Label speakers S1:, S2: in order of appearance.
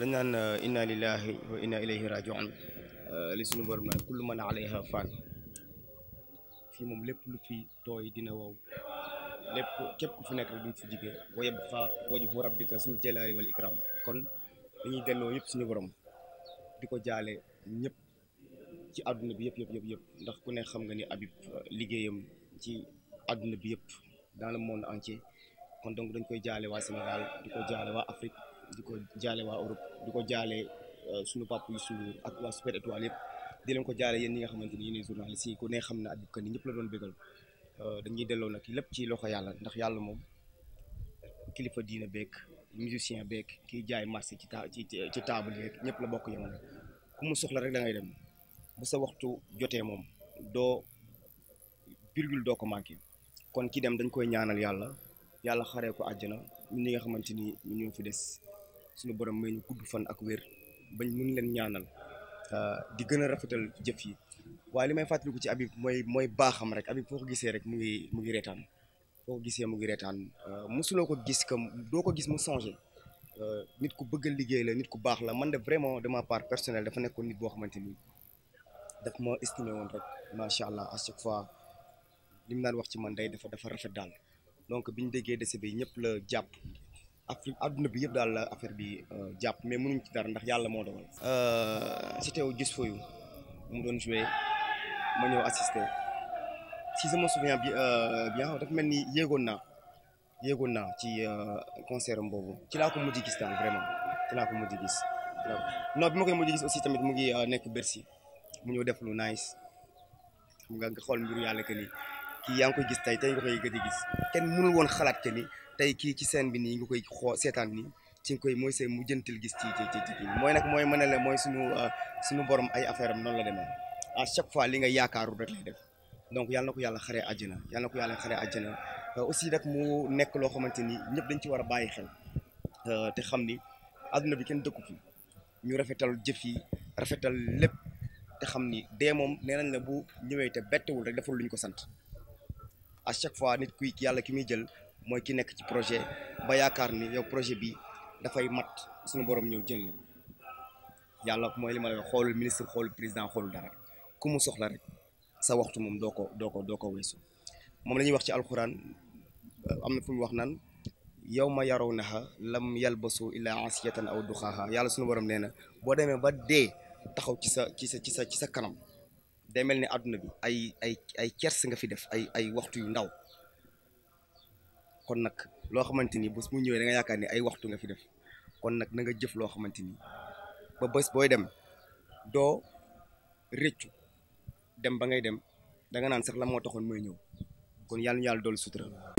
S1: لنان إنا لله وإنا إليه راجعون لسنا برم كل من عليها فان في مملكة في توي دينواو لب كيف كفنا كردم في ديك ويب فا وجه رب كسر جلالي والإكرام كن إني دلوا يب سنا برم ديكو جالي نب كي أدنى بيب يب يب يب نخ كنا خم غني أبي لجيم ci àdduna bi yëpp dans le monde entier kon donc dañ koy jaale waa Sénégal di ko jaale waa Afrique di ko jaale waa Europe di ko jaale euh, sunu papa yu suñu ak waa Super Étoile yëpp di leen ko jaale yéen yi nga xamante ni yéen journalistes yi ku ne xam na Habib Kane ñëpp la doon bégal euh, dañuy delloo nag lépp ci loxo yàlla ndax yàlla moom kilifa diina beek musicien beek kiy jaay marché ci ta ci ci table yeeg ñëpp la bokk yemale ku mu soxla rek da dem bu sa waxtu jotee moom virgul doo ko manqué kon ki dem dañ koy ñaanal yalla yalla xare ko aljana ñi nga xamanteni ñu ñu fi dess suñu borom may ñu gudd fan ak wër bañ mun leen ñaanal euh, di gëna rafetal jëf yi wa li may ko ci abib moy moy baxam rek abib foko gisee rek mu ngi mu ngi gisee mu ngi euh, musulo ko gis kam do ko gis mu changé euh, nit ku bëgg liggéey la nit ku bax la man de vraiment de ma part personnel dafa nekkon nit bo xamanteni ni daf estimé won rek sha allah à chaque fois li mu daan wax ci man day dafa dafa rafet daal donc bi ñu déggee dese bi ñëpp la jàpp Afrique bi yëpp daal la affaire bi euh, jàpp mais mënuñ ci dara ndax yàlla moo dogal. Euh, c'était au Djus Foyou mu doon joué ma ñëw assisté si sama souvenir bi euh, bien dafa mel ni yéegoon na yéegoon na ci concert am boobu ci laa ko mujj gis daal vraiment ci laa ko mujj gis. non bi ma koy mujj gis aussi tamit mu ngi nekk Bercy mu ñëw def lu nice mu nga xool mbiru yàlla que ni. kii yaa ngi koy gis tey tey nga koy gëj gis kenn mënul woon xalaat que ni tey kii ci seen bi nii nga koy xoo seetaan nii ci nga koy mooy seen mujjantil gis ci ci mooy nag mooy mën a la mooy suñu euh, suñu borom ay affaire am noonu la demee à chaque fois li nga yaakaarul rek lay def donc yàlla na ko yàlla xaree àjjana yàlla na ko yàlla xaree àjjana euh, aussi nag mu nekk loo xamante ni ñëpp dañ ci war a bàyyi xel euh, te xam ni àdduna bi kenn dëkku fi ñu rafetal jëf yi rafetal lépp te xam ni dee moom nee nañ la bu ñëwee te bettewul rek deful luñ ko sant à chaque fois nit kuy yàlla ki muy jël mooy ki nekk ci projet ba yaakaar ni yow projet bi dafay mat suñu borom ñëw jël na yàlla mooy li ma la xoolul ministre xoolul président xoolu dara ku mu soxla rek sa waxtu moom doo ko doo ko doo ko weesu moom la ñuy wax ci alxuraan am na fu mu wax naan yow ma yarow naxa lam ba su illaa asiyatan aw duxaaha yàlla suñu borom nee na boo demee ba dee taxaw ci sa ci sa ci sa ci sa kanam day mel ni bi ay ay ay kers nga fi def ay ay waxtu yu ndaw kon nak lo xamanteni ni mu ñëwee da nga yaakaar ay waxtu nga fi def kon nak na nga jëf lo xamanteni ba bés boy dem do, rëccu dem ba ngay dem da nga naan sax la mo ñëw kon yalla ñu yalla dool sutura